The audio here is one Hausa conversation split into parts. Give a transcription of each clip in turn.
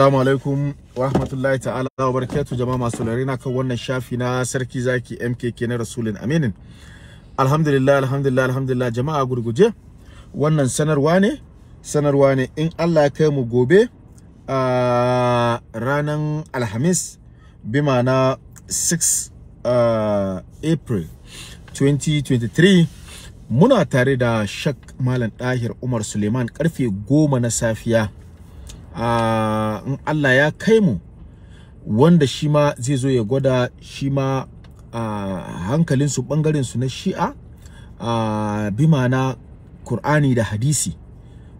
Assalamu alaikum wa rahmatullahi ta'ala wa barakatuh jama'a masu na kan wannan shafi na sarki zaki MKK na rasulin Aminin. Alhamdulillah alhamdulillah alhamdulillah jama'a gurguje wannan sanarwa ne sanarwa ne in Allah ya kai mu gobe a ranar Alhamis bima na 6 April 2023 muna tare da Shak Malam Dahir Umar Suleiman karfe goma na safiya. in Allah ya kai mu wanda shi ma zai zo ya gwada shi ma hankalinsu su na shi'a bima na Kur'ani da hadisi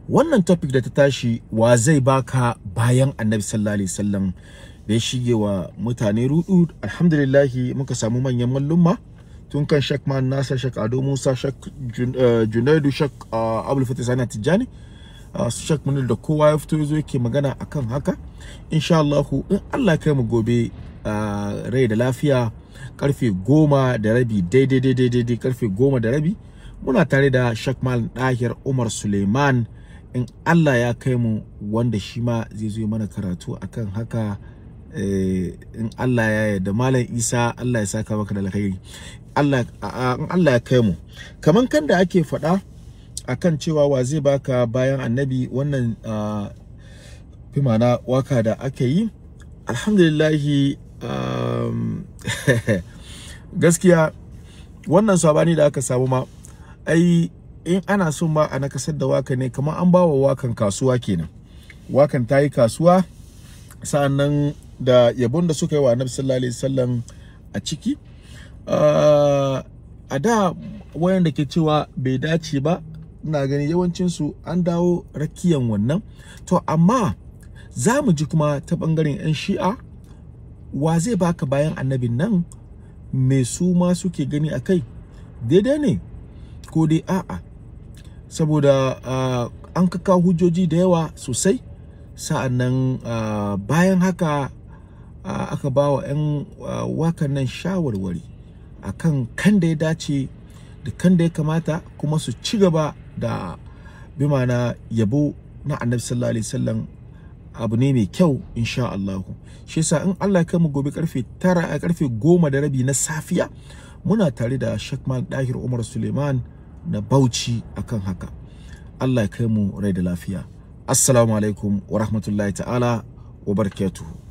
wannan topic da ta tashi wa zai baka bayan annabi sallallahu alaihi wasallam da ya shige wa mutane rudu alhamdulillahi muka samu manyan mallumma tun kan shak man Nasir Sheikh ado musa Sheikh eh, junaidu shak eh, Abdul fatih tijjani shek Munir da kowa ya fito yazo yake magana akan haka insha Allah in Allah kai mu gobe rai da lafiya karfe goma da rabi daidai daidai daidai karfe goma da rabi muna tare da shek Malam Dahir Umar Suleiman in Allah ya kai mu wanda shi ma zai zo mana karatu akan haka eh, in Allah ya yarda Malam Isa Allah ya saka maka da alkhairi Allah in Allah ya kai mu kaman kan da ake faɗa akan cewa wa zai baka bayan annabi wannan fi waka da aka yi alhamdulillahi gaskiya wannan sabani da aka samu ma ai in ana so ma a nakasar da waka ne kamar an bawa wakan kasuwa kenan wakan ta yi kasuwa sa'annan da yabon da suka yi wa annabi sallallahu alaihi wasallam a ciki a da wayanda ke cewa bai dace ba ina gani yawancinsu an dawo rakiyan wannan to amma za mu ji kuma ta ɓangaren 'yan shi'a wa zai baka bayan annabin nan me su ma suke gani a kai daidai ne ko dai a'a saboda uh, an kaka hujjoji da yawa sosai sa'an nan uh, bayan haka aka ba wa 'yan wakan nan shawarwari kan kan da ya dace da kan da ya kamata kuma su ci gaba da bi ma'ana yabo na annabi sallallahu alaihi wasallam abu ne mai kyau insha Allah shi yasa in Allah ya kai mu gobe karfe 9 eh, karfe 10 da rabi na safiya muna tare da Sheikh Mal Dahir Umar Suleiman na Bauchi akan haka Allah ya kai mu rai da lafiya assalamu alaikum wa rahmatullahi ta'ala wa barakatuhu